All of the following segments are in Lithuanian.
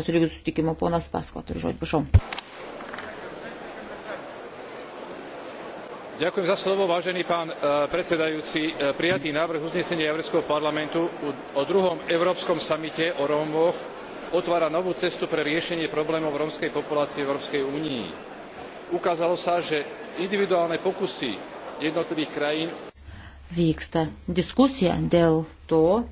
lygių susitikimo ponas Pasko turi žodį, prašau. Ďakujem za slovo, vážený pán e, predsedajúci. E, prijatý návrh uznesenia Európskeho parlamentu o druhom Európskom samite o Rómoch otvára novú cestu pre riešenie problémov rómskej populácie v Európskej únii. Ukázalo sa, že individuálne pokusy jednotlivých krajín vyksta diskusija dėl to,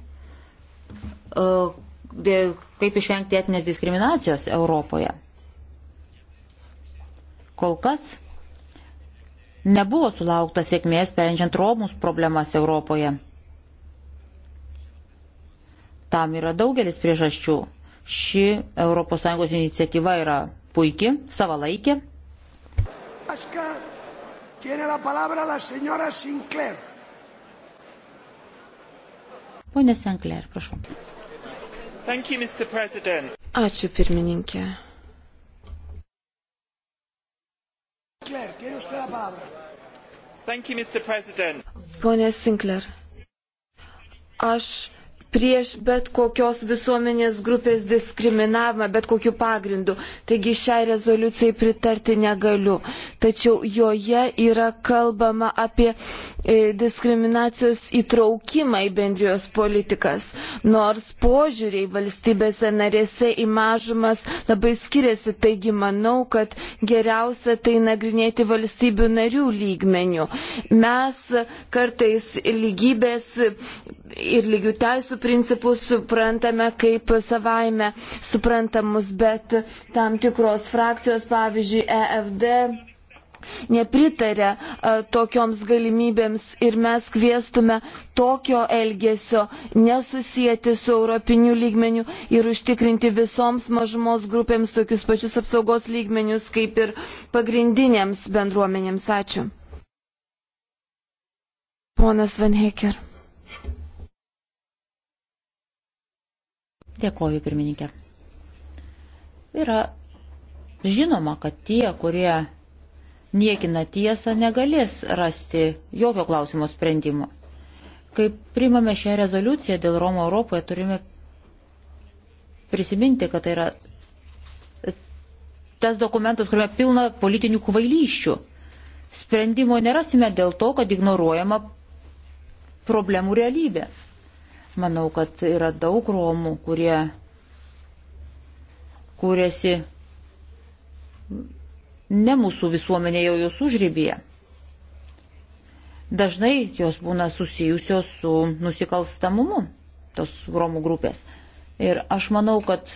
uh, kaip išvengti etinės diskriminacijos Europoje. Kol kas nebuvo sulaukta sėkmės sprendžiant Romus problemas Europoje. Tam yra daugelis priežasčių. Ši ES iniciatyva yra puiki, savalaikė. Pone Sinclair, prašau. Thank you, Mr. President. Ačiū pirmininkė. Thank you, Mr. President. Pone Sinclair, aš prieš bet kokios visuomenės grupės diskriminavimą, bet kokiu pagrindu. Taigi šiai rezoliucijai pritarti negaliu. Tačiau joje yra kalbama apie e, diskriminacijos įtraukimą į bendrijos politikas. Nors požiūriai valstybėse narėse į mažumas labai skiriasi, taigi manau, kad geriausia tai nagrinėti valstybių narių lygmenių. Mes kartais lygybės ir lygių teisų principus suprantame kaip savaime suprantamus, bet tam tikros frakcijos, pavyzdžiui, EFD nepritarė e, tokioms galimybėms ir mes kviestume tokio elgesio nesusijęti su europiniu lygmeniu ir užtikrinti visoms mažumos grupėms tokius pačius apsaugos lygmenius kaip ir pagrindinėms bendruomenėms. Ačiū. Ponas Van Heker. Dėkoju, pirmininkė. Yra žinoma, kad tie, kurie niekina tiesą, negalės rasti jokio klausimo sprendimo. Kai primame šią rezoliuciją dėl Romo Europoje, turime prisiminti, kad tai yra tas dokumentas, kuriame pilna politinių kvailyščių. Sprendimo nerasime dėl to, kad ignoruojama problemų realybė. Manau, kad yra daug Romų, kurie kūrėsi ne mūsų visuomenė jau jos užrybėje. Dažnai jos būna susijusios su nusikalstamumu, tos Romų grupės. Ir aš manau, kad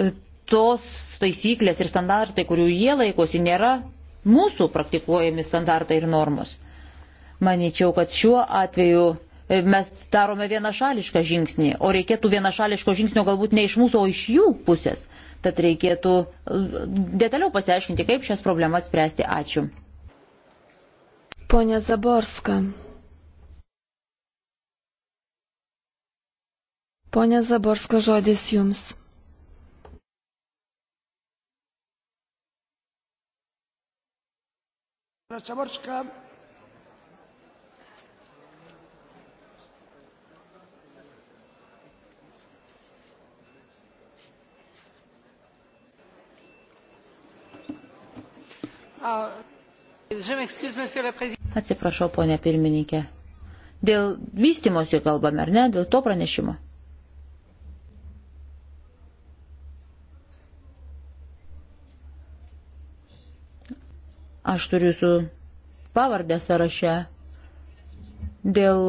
e, tos taisyklės ir standartai, kurių jie laikosi, nėra mūsų praktikuojami standartai ir normos. Maničiau, kad šiuo atveju e, mes darome vienašališką žingsnį, o reikėtų vienašališko žingsnio galbūt ne iš mūsų, o iš jų pusės. Tad reikėtų e, detaliau pasiaiškinti, kaip šias problemas spręsti. Ačiū. Pone Zaborska. Pone Zaborska, žodis jums. Zaborska. Atsiprašau, ponė pirmininkė. Dėl vystimosi kalbame, ar ne? Dėl to pranešimo. Aš turiu su pavardę sąraše dėl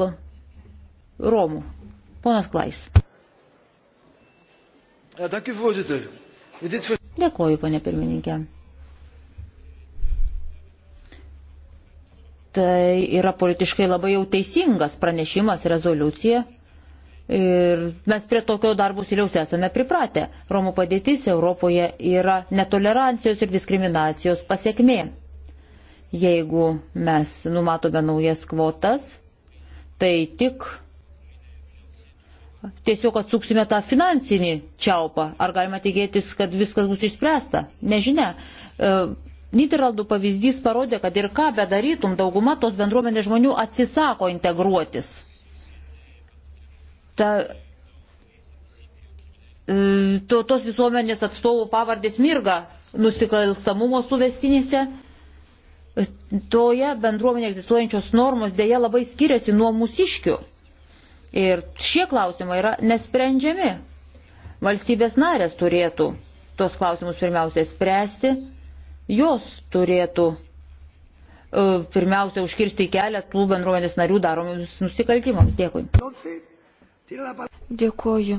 Romų. Ponas Klais. Dėkuoju, ponė pirmininkė. tai yra politiškai labai jau teisingas pranešimas, rezoliucija. Ir mes prie tokio darbus ir jau esame pripratę. Romų padėtis Europoje yra netolerancijos ir diskriminacijos pasiekmė. Jeigu mes numatome naujas kvotas, tai tik tiesiog atsuksime tą finansinį čiaupą. Ar galima tikėtis, kad viskas bus išspręsta? Nežinia. E, Niderlandų pavyzdys parodė, kad ir ką bedarytum, dauguma tos bendruomenės žmonių atsisako integruotis. Ta, e, to, tos visuomenės atstovų pavardės mirga nusikalstamumo suvestinėse. E, toje bendruomenėje egzistuojančios normos dėja labai skiriasi nuo mūsiškių. Ir šie klausimai yra nesprendžiami. Valstybės narės turėtų tuos klausimus pirmiausia spręsti Jos turėtų e, pirmiausia užkirsti kelią tų bendruomenės narių daromiams nusikaltimams. Dėkui. Dėkuoju.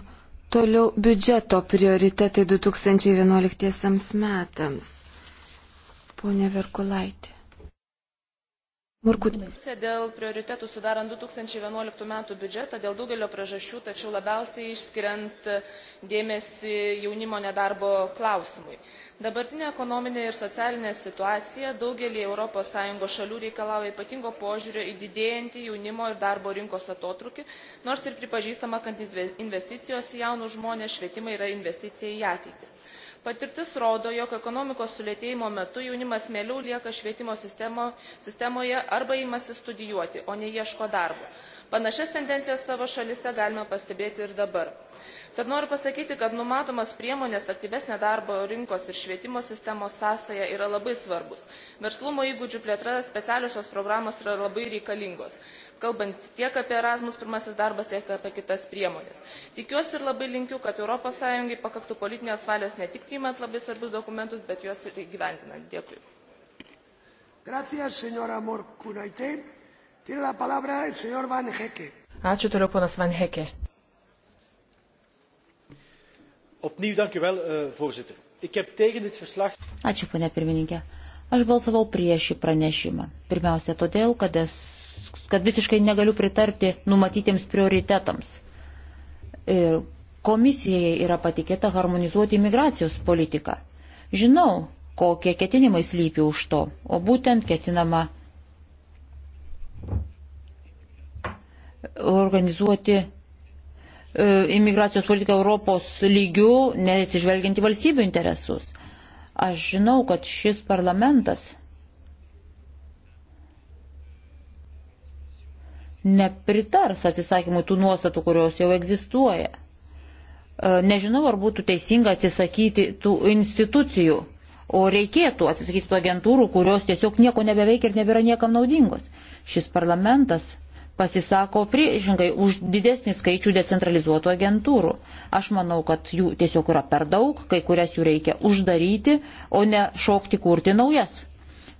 Toliau biudžeto prioritetai 2011 metams. Pone Verkulaitė. Markutė. Dėl prioritetų sudarant 2011 metų biudžetą, dėl daugelio priežasčių, tačiau labiausiai išskiriant dėmesį jaunimo nedarbo klausimui. Dabartinė ekonominė ir socialinė situacija daugelį ES šalių reikalauja ypatingo požiūrio į didėjantį jaunimo ir darbo rinkos atotrukį, nors ir pripažįstama, kad investicijos į jaunų žmonės švietimą yra investicija į ateitį patirtis rodo jog ekonomikos sulėtėjimo metu jaunimas mieliau lieka švietimo sistemo, sistemoje arba imasi studijuoti o ne ieško darbo. panašias tendencijas savo šalyse galime pastebėti ir dabar tad noriu pasakyti kad numatomos priemonės aktyvesnė darbo rinkos ir švietimo sistemos sąsaja yra labai svarbūs verslumo įgūdžių plėtra specialiosios programos yra labai reikalingos kalbant tiek apie erasmus pirmasis darbas tiek apie kitas priemones. tikiuosi ir labai linkiu kad europos sąjungai pakaktų politinės valios ne tik priimant labai svarbius dokumentus bet juos ir įgyvendinant. dėkui. Gracias, señora Morkunaitė. Tiene la palabra el señor Van Hecke. Ačiū toliau, ponas Van Hecke. Opnieuw dank u wel, eh, voorzitter. Ik heb tegen dit verslag. Ačiū, ponė pirmininkė. Aš balsavau prieš šį pranešimą. Pirmiausia, todėl, kad, es, kad visiškai negaliu pritarti numatytiems prioritetams. Ir komisijai yra patikėta harmonizuoti imigracijos politiką. Žinau, kokie ketinimai slypi už to, o būtent ketinama organizuoti E, imigracijos politiką Europos lygių, neatsižvelgianti valstybių interesus. Aš žinau, kad šis parlamentas nepritars atsisakymui tų nuostatų, kurios jau egzistuoja. E, nežinau, ar būtų teisinga atsisakyti tų institucijų, o reikėtų atsisakyti tų agentūrų, kurios tiesiog nieko nebeveikia ir nebėra niekam naudingos. Šis parlamentas pasisako priešingai už didesnį skaičių decentralizuotų agentūrų. Aš manau, kad jų tiesiog yra per daug, kai kurias jų reikia uždaryti, o ne šokti kurti naujas.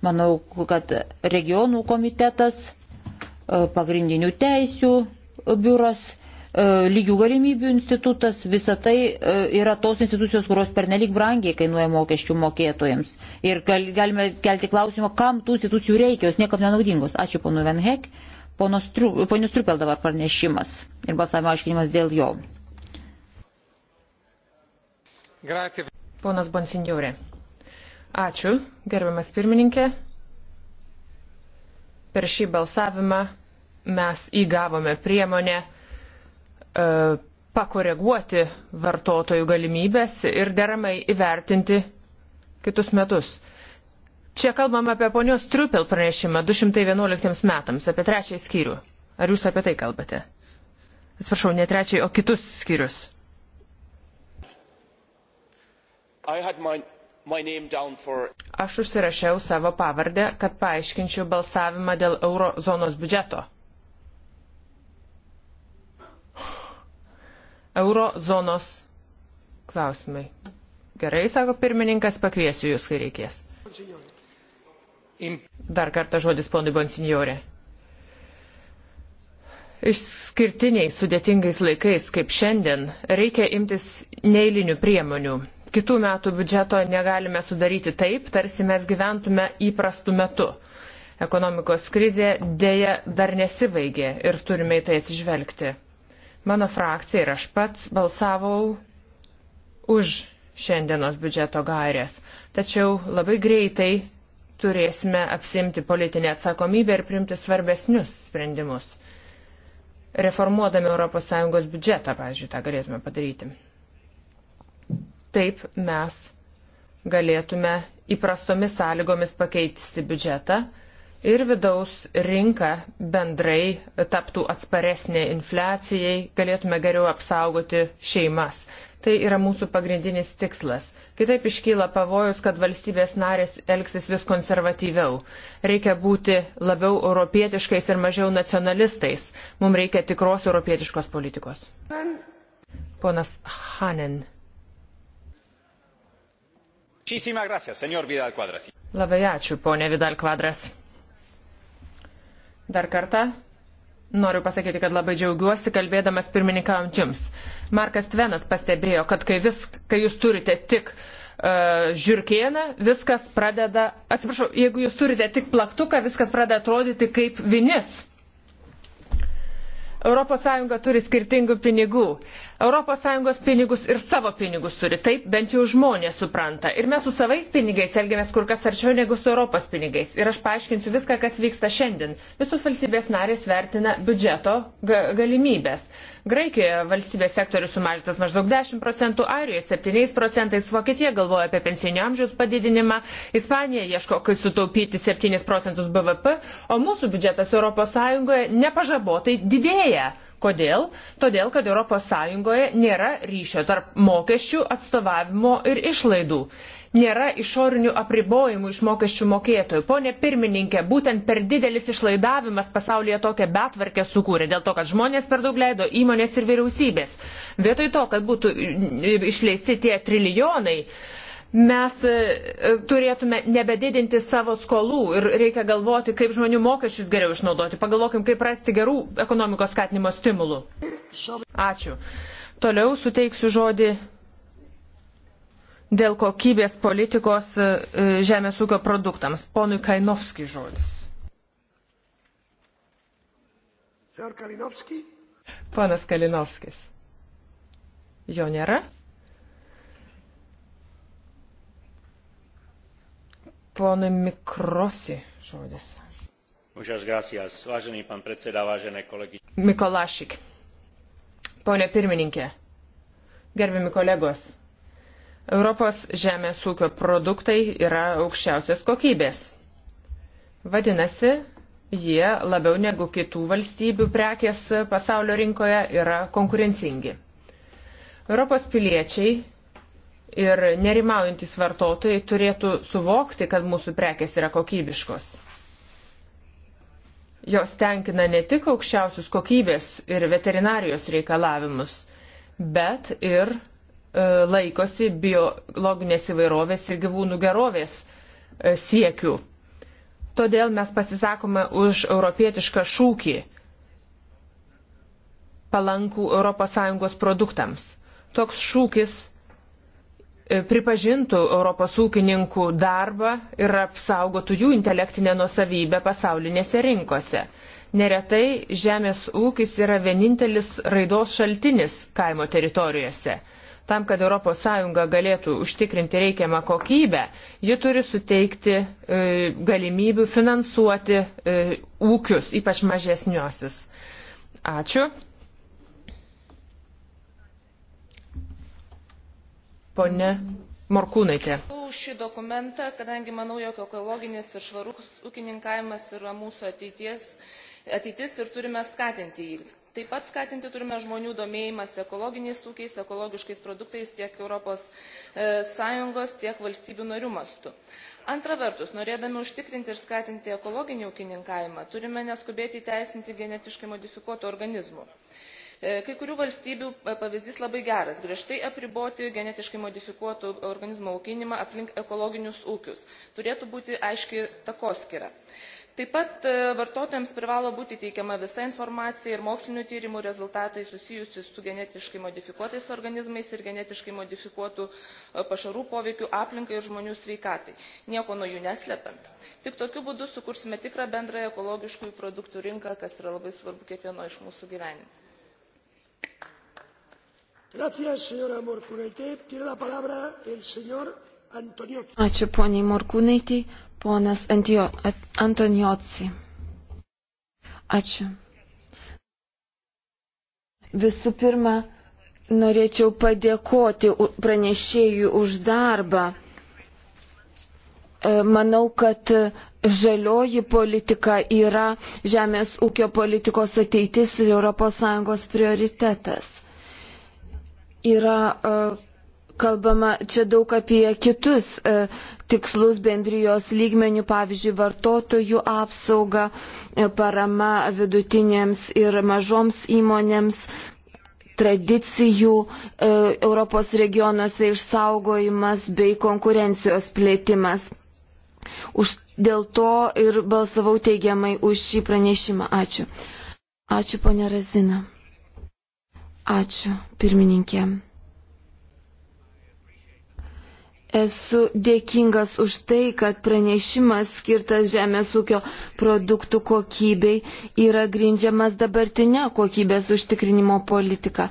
Manau, kad regionų komitetas, e, pagrindinių teisių biuras, e, lygių galimybių institutas, visa tai e, yra tos institucijos, kurios pernelik brangiai kainuoja mokesčių mokėtojams. Ir galime kelti klausimą, kam tų institucijų reikia, jos niekam nenaudingos. Ačiū ponu Venhek. Ponius Triupel dabar pranešimas ir balsavimo aiškinimas dėl jo. Grazie. Ponas Bonsignorė. Ačiū, gerbiamas pirmininkė. Per šį balsavimą mes įgavome priemonę e, pakoreguoti vartotojų galimybės ir deramai įvertinti kitus metus. Čia kalbam apie ponios Triupel pranešimą 211 metams, apie trečiąjį skyrių. Ar jūs apie tai kalbate? Atsiprašau, ne trečiąjį, o kitus skyrius. My, my for... Aš užsirašiau savo pavardę, kad paaiškinčiau balsavimą dėl eurozonos biudžeto. Eurozonos klausimai. Gerai, sako pirmininkas, pakviesiu jūs, kai reikės. Senjor. Dar kartą žodis ponui Bonsignorė. Išskirtiniais sudėtingais laikais, kaip šiandien, reikia imtis neįlinių priemonių. Kitų metų biudžeto negalime sudaryti taip, tarsi mes gyventume įprastų metų. Ekonomikos krizė dėja dar nesibaigė ir turime į tai atsižvelgti. Mano frakcija ir aš pats balsavau už šiandienos biudžeto gairės. Tačiau labai greitai turėsime apsimti politinę atsakomybę ir priimti svarbesnius sprendimus. Reformuodami ES biudžetą, pavyzdžiui, tą galėtume padaryti. Taip mes galėtume įprastomis sąlygomis pakeisti biudžetą ir vidaus rinka bendrai taptų atsparesnė infliacijai, galėtume geriau apsaugoti šeimas. Tai yra mūsų pagrindinis tikslas Kitaip iškyla pavojus, kad valstybės narės elgsis vis konservatyviau. Reikia būti labiau europietiškais ir mažiau nacionalistais. Mums reikia tikros europietiškos politikos. Ponas Hanen. Labai ačiū, ponė Vidal Kvadras. Dar kartą noriu pasakyti, kad labai džiaugiuosi kalbėdamas pirmininkaujant jums. Markas Tvenas pastebėjo, kad kai, vis, kai jūs turite tik uh, e, žiūrkieną, viskas pradeda, atsiprašau, jeigu jūs turite tik plaktuką, viskas pradeda atrodyti kaip vinis. ES turi skirtingų pinigų. ES pinigus ir savo pinigus turi. Taip bent jau žmonės supranta. Ir mes su savais pinigais elgiamės kur kas arčiau negu su Europos pinigais. Ir aš paaiškinsiu viską, kas vyksta šiandien. Visos valstybės narės vertina biudžeto ga galimybės. Graikijoje valstybės sektorius sumažintas maždaug 10 procentų, Airijoje 7 procentais, Vokietija galvoja apie pensinio amžiaus padidinimą, Ispanija ieško, kaip sutaupyti 7 procentus BVP, o mūsų biudžetas ES nepažabotai didėja. Kodėl? Todėl, kad ES nėra ryšio tarp mokesčių, atstovavimo ir išlaidų. Nėra išorinių apribojimų iš mokesčių mokėtojų. Pone pirmininkė, būtent per didelis išlaidavimas pasaulyje tokią betvarkę sukūrė, dėl to, kad žmonės per daug leido įmonės ir vyriausybės. Vietoj to, kad būtų išleisti tie trilijonai, uh, mes e, e, turėtume nebedidinti savo skolų ir reikia galvoti, kaip žmonių mokesčius geriau išnaudoti. Pagalvokim, kaip rasti gerų ekonomikos skatinimo stimulų. Ačiū. Toliau suteiksiu žodį dėl kokybės politikos e, žemės ūkio produktams. Ponui Kainovski žodis. Ponas Kalinovskis. Jo nėra? Ponui Mikrosi žodis. Mikolašik. Pone pirmininkė, gerbiami kolegos, Europos žemės ūkio produktai yra aukščiausios kokybės. Vadinasi, jie labiau negu kitų valstybių prekės pasaulio rinkoje yra konkurencingi. Europos piliečiai ir nerimaujantis vartotojai turėtų suvokti, kad mūsų prekes yra kokybiškos. Jos tenkina ne tik aukščiausius kokybės ir veterinarijos reikalavimus, bet ir e, laikosi biologinės įvairovės ir gyvūnų gerovės e, siekių. Todėl mes pasisakome už europietišką šūkį palankų ES produktams. Toks šūkis E, pripažintų Europos ūkininkų darbą ir apsaugotų jų intelektinę nusavybę pasaulinėse rinkose. Neretai žemės ūkis yra vienintelis raidos šaltinis kaimo teritorijose. Tam, kad ES galėtų užtikrinti reikiamą kokybę, ji turi suteikti e, galimybių finansuoti e, ūkius, ypač mažesniuosius. Ačiū. Pone Morkūnaitė. Šį dokumentą, kadangi manau, jog ekologinis ir švarus ūkininkavimas yra mūsų ateities, ateitis ir turime skatinti jį. Taip pat skatinti turime žmonių domėjimas ekologiniais ūkiais, ekologiškais produktais tiek Europos e, Sąjungos, tiek valstybių narių mastu. Antra vertus, norėdami užtikrinti ir skatinti ekologinį ūkininkavimą, turime neskubėti įteisinti genetiškai modifikuotų organizmų. E, kai kurių valstybių e, pavyzdys labai geras - griežtai apriboti genetiškai modifikuotų organizmų auginimą aplink ekologinius ūkius. Turėtų būti aiški takoskira. Taip pat e, vartotojams privalo būti teikiama visa informacija ir mokslinių tyrimų rezultatai susijusi su genetiškai modifikuotais organizmais ir genetiškai modifikuotų pašarų poveikiu aplinkai ir žmonių sveikatai, nieko nuo jų neslepiant. Tik tokiu būdu sukursime tikrą bendrą ekologiškųjų produktų rinką, kas yra labai svarbu kiekvieno iš mūsų gyvenime. Ačiū poniai Morkūnaitį, ponas Antonioci. Ačiū. Visų pirma, norėčiau padėkoti pranešėjui už darbą. E, manau, kad žalioji politika yra žemės ūkio politikos ateitis ir ES prioritetas yra e, kalbama čia daug apie kitus e, tikslus bendrijos lygmenių, pavyzdžiui, vartotojų apsauga, e, parama vidutinėms ir mažoms įmonėms, tradicijų Europos regionuose išsaugojimas bei konkurencijos plėtimas. Už, dėl to ir balsavau teigiamai už šį pranešimą. Ačiū. Ačiū, ponė Razina. Ačiū, pirmininkė. Esu dėkingas už tai, kad pranešimas skirtas žemės ūkio produktų kokybei yra grindžiamas dabartinė kokybės užtikrinimo politika.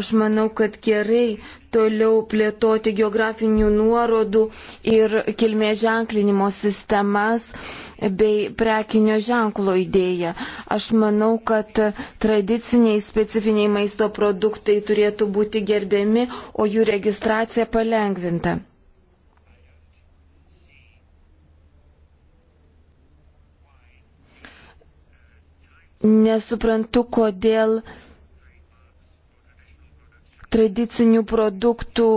Aš manau, kad gerai toliau plėtoti geografinių nuorodų ir kilmės ženklinimo sistemas bei prekinio ženklo idėja. Aš manau, kad tradiciniai specifiniai maisto produktai turėtų būti gerbiami, o jų registracija palengvinta. nesuprantu, kodėl tradicinių produktų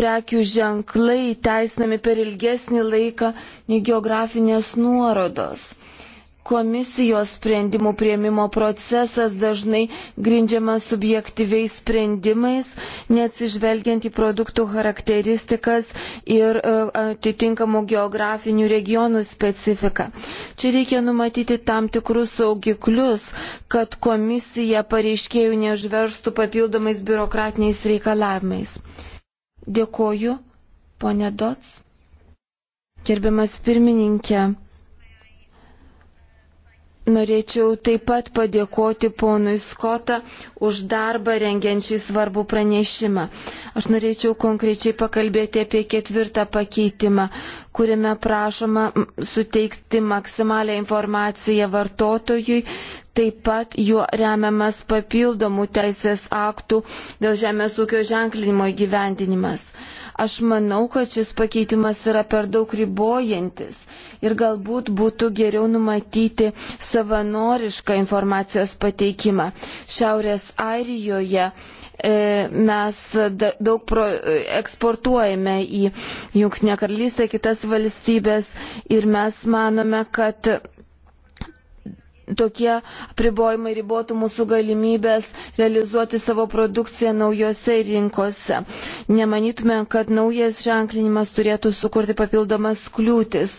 prekių ženklai teisinami per ilgesnį laiką nei geografinės nuorodos komisijos sprendimų prieimimo procesas dažnai grindžiamas subjektyviais sprendimais, neatsižvelgiant į produktų charakteristikas ir e, atitinkamų geografinių regionų specifiką. Čia reikia numatyti tam tikrus saugiklius, kad komisija pareiškėjų neužverstų papildomais biurokratiniais reikalavimais. Dėkoju, ponė Dots. Gerbiamas pirmininkė, Norėčiau taip pat padėkoti ponui Skota už darbą rengiant šį svarbų pranešimą. Aš norėčiau konkrečiai pakalbėti apie ketvirtą pakeitimą, kuriame prašoma suteikti maksimalę informaciją vartotojui, taip pat juo remiamas papildomų teisės aktų dėl žemės ūkio ženklinimo įgyvendinimas. Aš manau, kad šis pakeitimas yra per daug ribojantis ir galbūt būtų geriau numatyti savanorišką informacijos pateikimą. Šiaurės Airijoje e, mes daug pro, e, eksportuojame į Junktinę karalystę, kitas valstybės ir mes manome, kad tokie pribojimai ribotų mūsų galimybės realizuoti savo produkciją naujose rinkose. Nemanytume, kad naujas ženklinimas turėtų sukurti papildomas kliūtis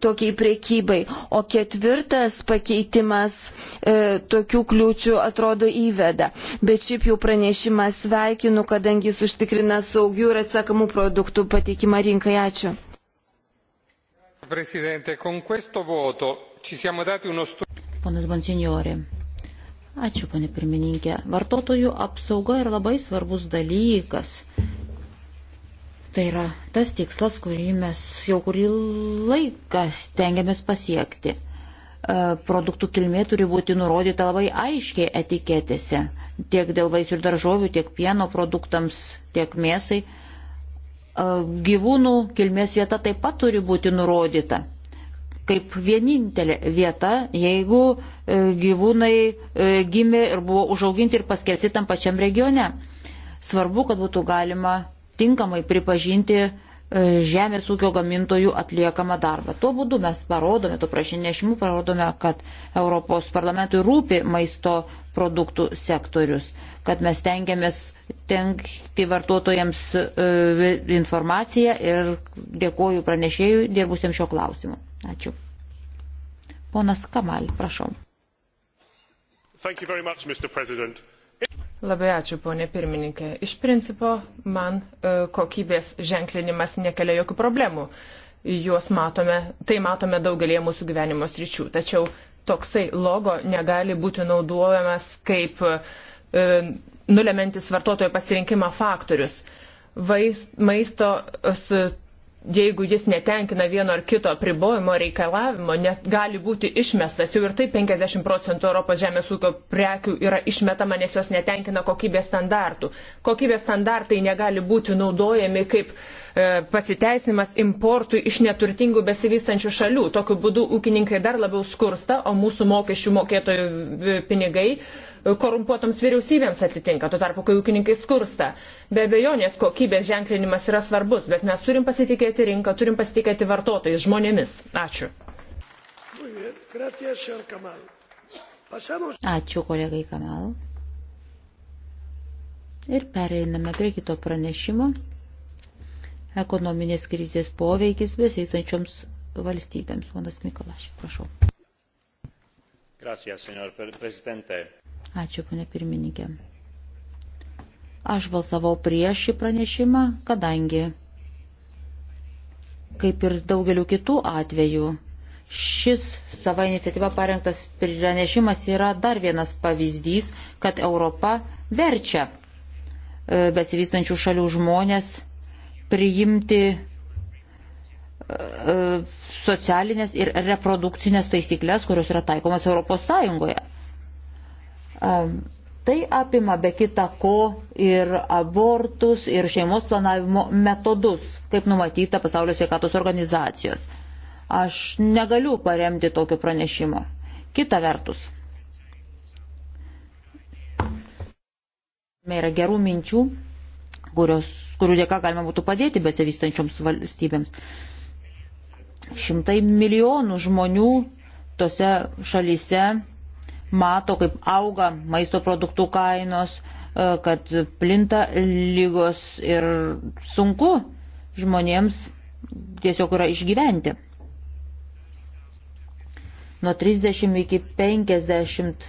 tokiai priekybai. O ketvirtas pakeitimas e, tokių kliūčių atrodo įveda. Bet šiaip jau pranešimą sveikinu, kadangi jis užtikrina saugių ir atsakamų produktų pateikimą rinkai. Ačiū. Presidente, con questo voto ci siamo dati uno studio. Ponas Bonsignori. Ačiū, ponė pirmininkė. Vartotojų apsauga yra labai svarbus dalykas. Tai yra tas tikslas, kurį mes jau kurį laiką stengiamės pasiekti. E, produktų kilmė turi būti nurodyta labai aiškiai etiketėse, tiek dėl vaisių ir daržovių, tiek pieno produktams, tiek mėsai. E, gyvūnų kilmės vieta taip pat turi būti nurodyta kaip vienintelė vieta, jeigu e, gyvūnai e, gimė ir buvo užauginti ir paskersi tam pačiam regione. Svarbu, kad būtų galima tinkamai pripažinti e, žemės ūkio gamintojų atliekamą darbą. Tuo būdu mes parodome, tuo prašinešimu parodome, kad Europos parlamentui rūpi maisto produktų sektorius, kad mes tengiamės tenkti vartotojams informaciją ir dėkoju pranešėjui dirbusiems šio klausimu. Ačiū. Ponas Kamal, prašom. Much, Labai ačiū, ponė pirmininkė. Iš principo, man e, kokybės ženklinimas nekelia jokių problemų. Juos matome, tai matome daugelie mūsų gyvenimo sričių. Tačiau toksai logo negali būti naudojamas kaip e, nulemantis vartotojo pasirinkimą faktorius. Vais, maisto jeigu jis netenkina vieno ar kito pribojimo reikalavimo, net gali būti išmestas. Jau ir tai 50 procentų Europos žemės ūkio prekių yra išmetama, nes jos netenkina kokybės standartų. Kokybės standartai negali būti naudojami kaip e, pasiteisimas importui iš neturtingų besivystančių šalių. Tokiu būdu ūkininkai dar labiau skursta, o mūsų mokesčių mokėtojų e, pinigai korumpuotoms vyriausybėms atitinka, tuo tarpu, kai ūkininkai skursta. Be abejonės kokybės ženklinimas yra svarbus, bet mes turim pasitikėti rinką, turim pasitikėti vartotojais, žmonėmis. Ačiū. Ačiū kolegai Kamal. Ir pereiname prie kito pranešimo. Ekonominės krizės poveikis beseisančioms valstybėms. Ponas Mikolašė, prašau. Gracias, senor prezidente. Ačiū, ponė pirmininkė. Aš balsavau prieš šį pranešimą, kadangi, kaip ir daugeliu kitų atvejų, šis savo iniciatyva parengtas pranešimas yra dar vienas pavyzdys, kad Europa verčia e, besivystančių šalių žmonės priimti e, e, socialinės ir reprodukcinės taisyklės, kurios yra taikomas Europos Sąjungoje. Tai apima be kita ko ir abortus, ir šeimos planavimo metodus, kaip numatyta Pasaulio sveikatos organizacijos. Aš negaliu paremti tokio pranešimo. Kita vertus. Yra gerų minčių, kurios, kurių dėka galima būtų padėti besivystančioms valstybėms. Šimtai milijonų žmonių tose šalyse mato, kaip auga maisto produktų kainos, e, kad plinta lygos ir sunku žmonėms tiesiog yra išgyventi. Nuo 30 iki 50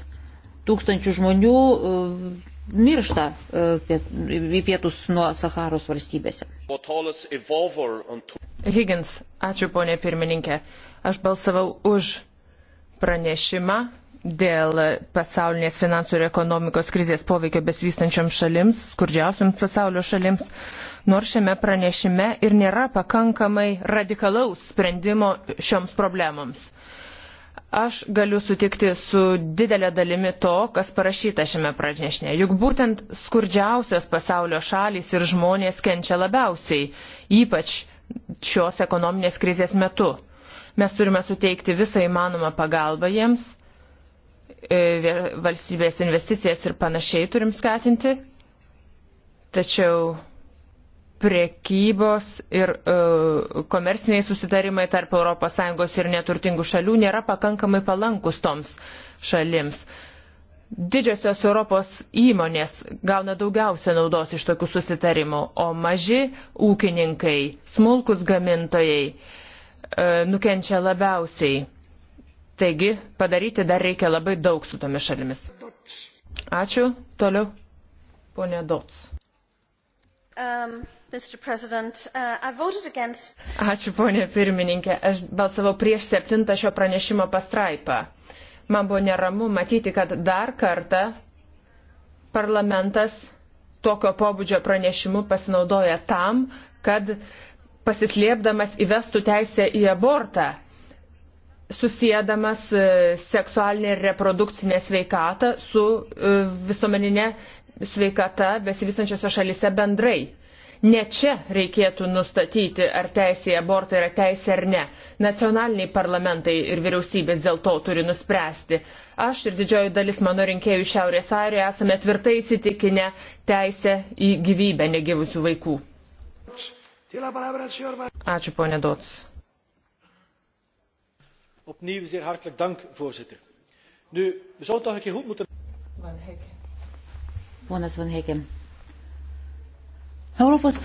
tūkstančių žmonių e, miršta e, į pietus nuo Saharos valstybėse. Higgins, ačiū ponė pirmininkė. Aš balsavau už pranešimą dėl pasaulinės finansų ir ekonomikos krizės poveikio besvystančiam šalims, skurdžiausiams pasaulio šalims, nors šiame pranešime ir nėra pakankamai radikalaus sprendimo šioms problemams. Aš galiu sutikti su didelė dalimi to, kas parašyta šiame pranešinė. Juk būtent skurdžiausios pasaulio šalys ir žmonės kenčia labiausiai, ypač šios ekonominės krizės metu. Mes turime suteikti visą įmanomą pagalbą jiems E, valstybės investicijas ir panašiai turim skatinti, tačiau priekybos ir uh, komerciniai susitarimai tarp ES ir neturtingų šalių nėra pakankamai palankus toms šalims. Didžiosios Europos įmonės gauna daugiausia naudos iš tokių susitarimų, o maži ūkininkai, smulkus gamintojai uh, nukenčia labiausiai Taigi padaryti dar reikia labai daug su tomis šalimis. Ačiū. Toliau. Pone Dots. Um, uh, against... Ačiū, ponė pirmininkė. Aš balsavau prieš septintą šio pranešimo pastraipą. Man buvo neramu matyti, kad dar kartą parlamentas tokio pobūdžio pranešimu pasinaudoja tam, kad pasislėpdamas įvestų teisę į abortą susėdamas e, seksualinę ir reprodukcinę sveikatą su e, visuomeninė sveikata besivystančiose šalise bendrai. Ne čia reikėtų nustatyti, ar teisė į abortą yra teisė ar ne. Nacionaliniai parlamentai ir vyriausybės dėl to turi nuspręsti. Aš ir didžioji dalis mano rinkėjų Šiaurės Airijoje esame tvirtai įsitikinę teisę į gyvybę negyvusių vaikų. Ačiū, ponė Dots opnieuw zeer hartelijk dank, voorzitter. Nu, we zouden toch een keer goed moeten... Van Hekken. Ponas Van Hekken. Europos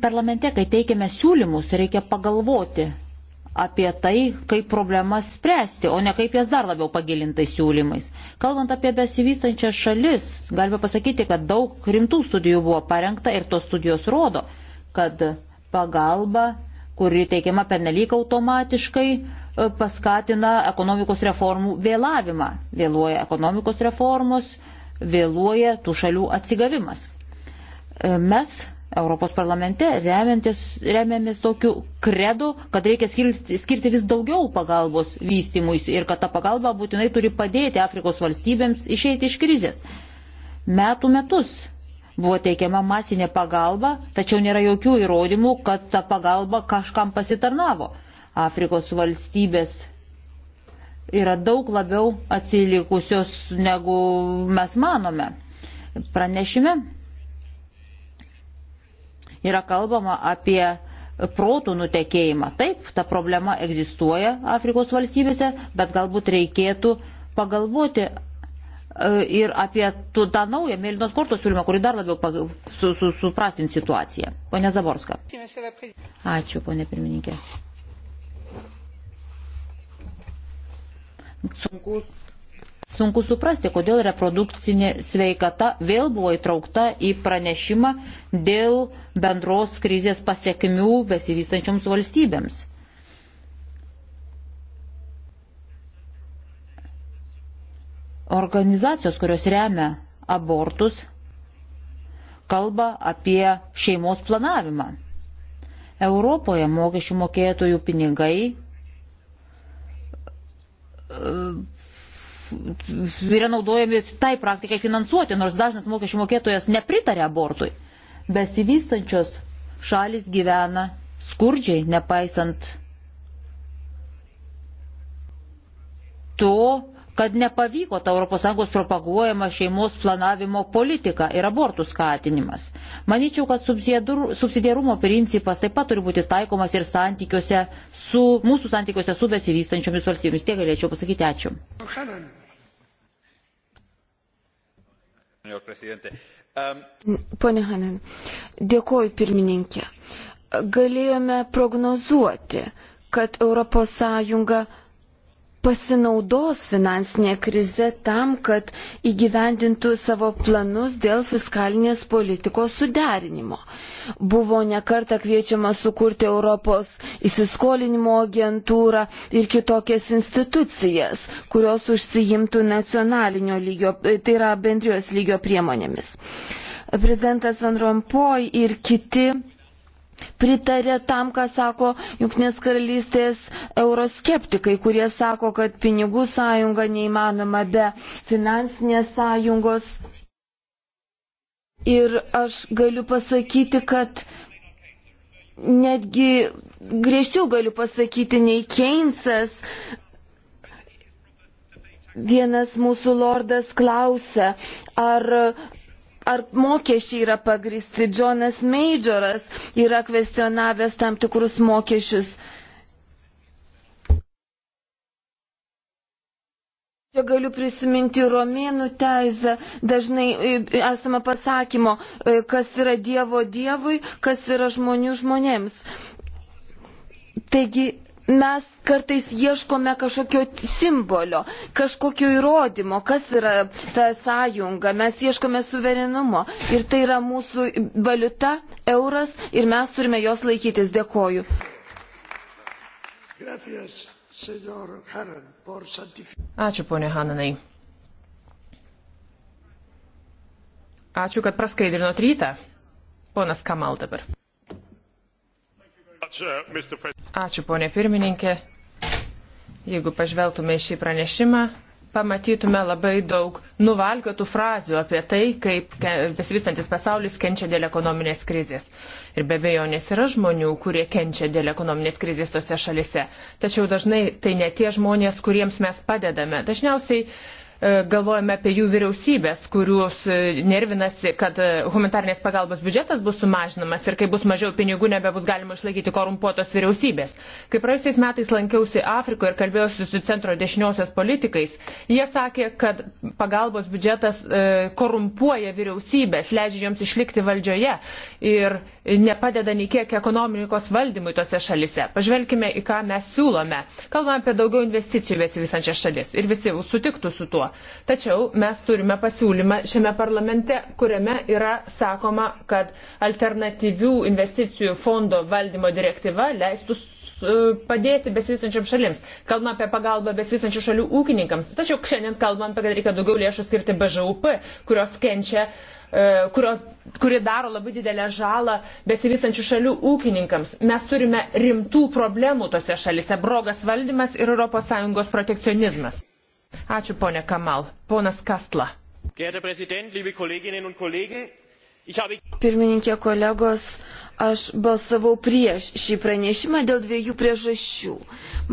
parlamente, kai teikiame siūlymus, reikia pagalvoti apie tai, kaip problemas spręsti, o ne kaip jas dar labiau pagilintai siūlymais. Kalbant apie besivystančias šalis, galime pasakyti, kad daug rimtų studijų buvo parengta ir tos studijos rodo, kad pagalba, kuri teikiama pernelyg automatiškai, paskatina ekonomikos reformų vėlavimą. Vėluoja ekonomikos reformos, vėluoja tų šalių atsigavimas. E, mes Europos parlamente remiamės tokiu kredu, kad reikia skirti, skirti vis daugiau pagalbos vystimuisi ir kad ta pagalba būtinai turi padėti Afrikos valstybėms išeiti iš krizės. Metų metus buvo teikiama masinė pagalba, tačiau nėra jokių įrodymų, kad ta pagalba kažkam pasitarnavo. Afrikos valstybės yra daug labiau atsilikusios, negu mes manome. Pranešime yra kalbama apie protų nutekėjimą. Taip, ta problema egzistuoja Afrikos valstybėse, bet galbūt reikėtų pagalvoti e, ir apie tą naują mėlynos kortos siūlymą, kuri dar labiau su, su, suprastins situaciją. Pone Zaborska. Ačiū, pone pirmininkė. sunku, sunku suprasti, kodėl reprodukcinė sveikata vėl buvo įtraukta į pranešimą dėl bendros krizės pasiekmių besivystančioms valstybėms. Organizacijos, kurios remia abortus, kalba apie šeimos planavimą. Europoje mokesčių mokėtojų pinigai E, yra naudojami tai praktikai finansuoti, nors dažnas mokesčių mokėtojas nepritarė abortui. Besivystančios šalis gyvena skurdžiai, nepaisant to, kad nepavyko ta ES propaguojama šeimos planavimo politika ir abortų skatinimas. Maničiau, kad subsidiarumo principas taip pat turi būti taikomas ir santykiuose su, mūsų santykiuose su besivystančiomis valstybėmis. Tiek galėčiau pasakyti ačiū. Pone Hanen, dėkoju pirmininkė. Galėjome prognozuoti, kad ES pasinaudos finansinė krize tam, kad įgyvendintų savo planus dėl fiskalinės politikos suderinimo. Buvo nekarta kviečiama sukurti Europos įsiskolinimo agentūrą ir kitokias institucijas, kurios užsijimtų nacionalinio lygio, tai yra bendrijos lygio priemonėmis. Prezidentas Van Rompuy ir kiti pritarė tam, ką sako Junknės karalystės euroskeptikai, kurie sako, kad pinigų sąjunga neįmanoma be finansinės sąjungos. Ir aš galiu pasakyti, kad netgi griežčiau galiu pasakyti nei Keynesas. Vienas mūsų lordas klausia, ar ar mokesčiai yra pagristi. Džonas Majoras yra kvestionavęs tam tikrus mokesčius. Čia galiu prisiminti romėnų teisę, dažnai e, esame pasakymo, e, kas yra Dievo Dievui, kas yra žmonių žmonėms. Taigi mes kartais ieškome kažkokio simbolio, kažkokio įrodymo, kas yra ta sąjunga, mes ieškome suverenumo ir tai yra mūsų valiuta, euras ir mes turime jos laikytis. Dėkoju. Ačiū, ponė Hananai. Ačiū, kad praskaidrinot rytą. Ponas Kamal dabar. Uh, Ačiū, ponė pirmininkė. Jeigu pažvelgtume į šį pranešimą, pamatytume labai daug nuvalkiotų frazių apie tai, kaip besivystantis pasaulis kenčia dėl ekonominės krizės. Ir be bejonės yra žmonių, kurie kenčia dėl ekonominės krizės tose šalise. Tačiau dažnai tai ne tie žmonės, kuriems mes padedame. Dažniausiai uh, E, galvojame apie jų vyriausybės, kurios e, nervinasi, kad e, humanitarnės pagalbos biudžetas bus sumažinamas ir kai bus mažiau pinigų, nebebus galima išlaikyti korumpuotos vyriausybės. Kai praėjusiais metais lankiausi Afrikoje ir kalbėjausi su centro dešiniosios politikais, jie sakė, kad pagalbos biudžetas korumpuoja vyriausybės, leidžia joms išlikti valdžioje ir nepadeda nei kiek ekonomikos valdymui tose šalise. Pažvelkime, į ką mes siūlome. Kalbame apie daugiau investicijų besivysančias šalis ir visi sutiktų su tuo tuo. Tačiau mes turime pasiūlymą šiame parlamente, kuriame yra sakoma, kad alternatyvių investicijų fondo valdymo direktyva leistų e, padėti besivystančiam šalims. Kalbame apie pagalbą besivystančių šalių ūkininkams. Tačiau šiandien kalbame apie, tai, kad reikia daugiau lėšų skirti BŽUP, kurios kenčia e, kurios, kuri daro labai didelę žalą besivystančių šalių ūkininkams. Mes turime rimtų problemų tose šalise - brogas valdymas ir ES protekcionizmas. Ačiū, ponė Kamal. Ponas Kastla. Pirmininkė kolegos, aš balsavau prieš šį pranešimą dėl dviejų priežasčių.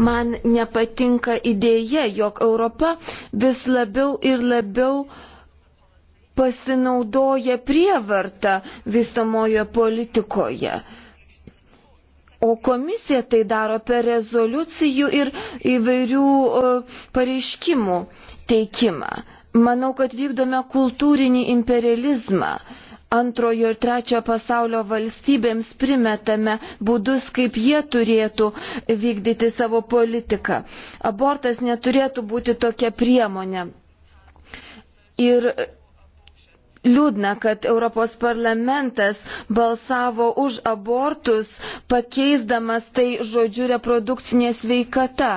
Man nepatinka idėja, jog Europa vis labiau ir labiau pasinaudoja prievartą vystamojo politikoje. O komisija tai daro per rezoliucijų ir įvairių pareiškimų teikimą. Manau, kad vykdome kultūrinį imperializmą. Antrojo ir trečiojo pasaulio valstybėms primetame būdus, kaip jie turėtų vykdyti savo politiką. Abortas neturėtų būti tokia priemonė. Ir liūdna, kad Europos parlamentas balsavo už abortus, pakeisdamas tai žodžiu reprodukcinė sveikata.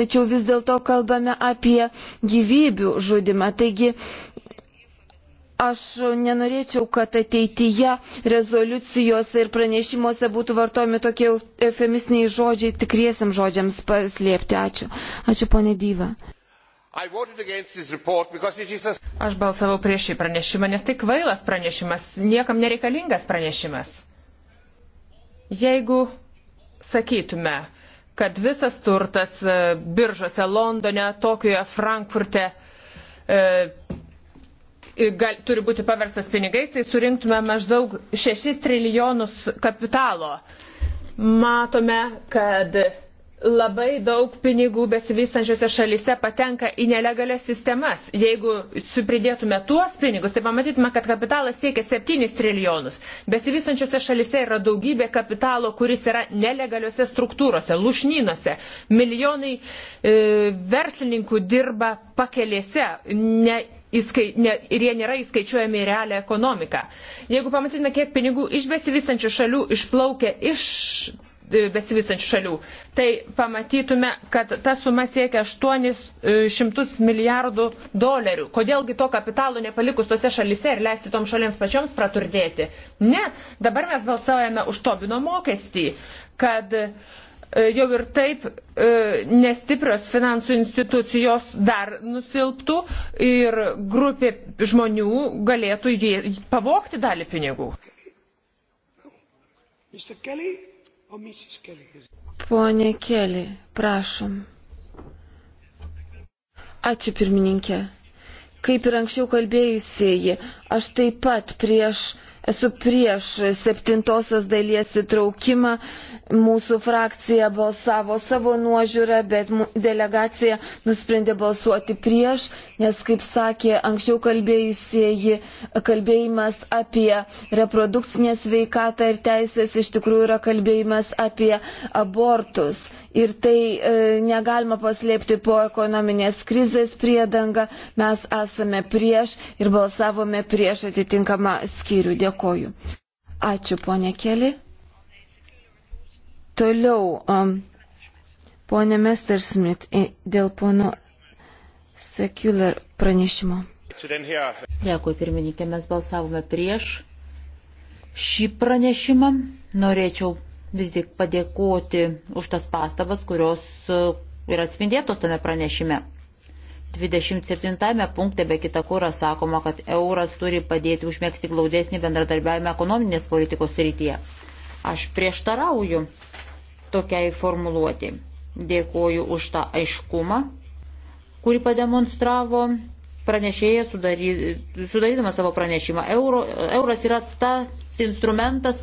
Tačiau vis dėlto kalbame apie gyvybių žudimą. Taigi, aš nenorėčiau, kad ateityje rezoliucijose ir pranešimuose būtų vartojami tokie eufemistiniai žodžiai tikriesiam žodžiams paslėpti. Ačiū. Ačiū, ponė Dyva. Aš balsavau prieš šį pranešimą, nes tai kvailas pranešimas, niekam nereikalingas pranešimas. Jeigu sakytume, kad visas turtas e, biržose Londone, Tokijoje, Frankfurte e, gal, turi būti paverstas pinigais, tai surinktume maždaug 6 trilijonus kapitalo. Matome, kad labai daug pinigų besivystančiose šalise patenka į nelegalias sistemas. Jeigu supridėtume tuos pinigus, tai pamatytume, kad kapitalas siekia 7 trilijonus. Besivystančiose šalise yra daugybė kapitalo, kuris yra nelegaliuose struktūrose, lušnynuose. Milijonai e, verslininkų dirba pakelėse. Ne, Įskai, ne, ir jie nėra įskaičiuojami į realią ekonomiką. Jeigu pamatytume, kiek pinigų iš besivystančių šalių išplaukia iš E, besivystančių šalių, tai pamatytume, kad ta suma siekia 800 milijardų dolerių. Kodėlgi to kapitalo nepalikus tose šalise ir leisti tom šalims pačioms praturtėti? Ne, dabar mes balsavome už Tobino mokestį, kad e, jau ir taip e, nestiprios finansų institucijos dar nusilptų ir grupė žmonių galėtų pavokti dalį pinigų. Mr. Kelly? Pone Keli, prašom. Ačiū pirmininkė. Kaip ir anksčiau kalbėjusieji, aš taip pat prieš esu prieš septintosios dalies įtraukimą. Mūsų frakcija balsavo savo nuožiūrą, bet delegacija nusprendė balsuoti prieš, nes, kaip sakė anksčiau kalbėjusieji, kalbėjimas apie reprodukcinę sveikatą ir teisės iš tikrųjų yra kalbėjimas apie abortus ir tai e, negalima paslėpti po ekonominės krizės priedanga. Mes esame prieš ir balsavome prieš atitinkamą skyrių. Dėkoju. Ačiū, ponė Keli. Toliau, um, ponė Mestersmith, dėl pono Secular pranešimo. Dėkui, pirmininkė, mes balsavome prieš šį pranešimą. Norėčiau vis tik padėkoti už tas pastabas, kurios e, yra atspindėtos tame pranešime. 27 punkte be kita kūra sakoma, kad euras turi padėti užmėgsti glaudesnį bendradarbiavimą ekonominės politikos rytyje. Aš prieštarauju tokiai formuluoti. Dėkoju už tą aiškumą, kurį pademonstravo pranešėjas sudary, sudarydamas savo pranešimą. Euro, euras yra tas instrumentas,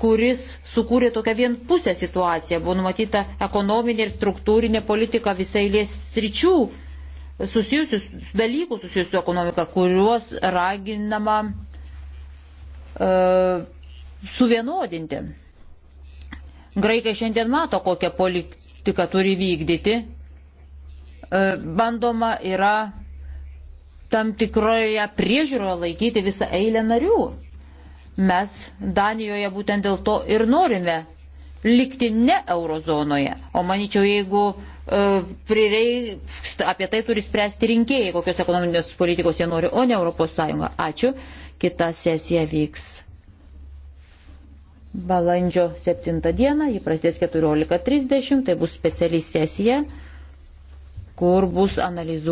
kuris sukūrė tokią vienpusę situaciją. Buvo numatyta ekonominė ir struktūrinė politika visai lės tričių susijusius dalykų susijusių su ekonomika, kuriuos raginama uh, suvienodinti. Graikai šiandien mato, kokią politiką turi vykdyti. Uh, bandoma yra tam tikroje priežiūroje laikyti visą eilę narių. Mes Danijoje būtent dėl to ir norime likti ne eurozonoje. O manyčiau, jeigu e, prireiks, apie tai turi spręsti rinkėjai, kokios ekonominės politikos jie nori, o ne Europos Sąjunga. Ačiū. Kita sesija vyks balandžio 7 dieną, ji prasidės 14.30, tai bus speciali sesija, kur bus analizuojama.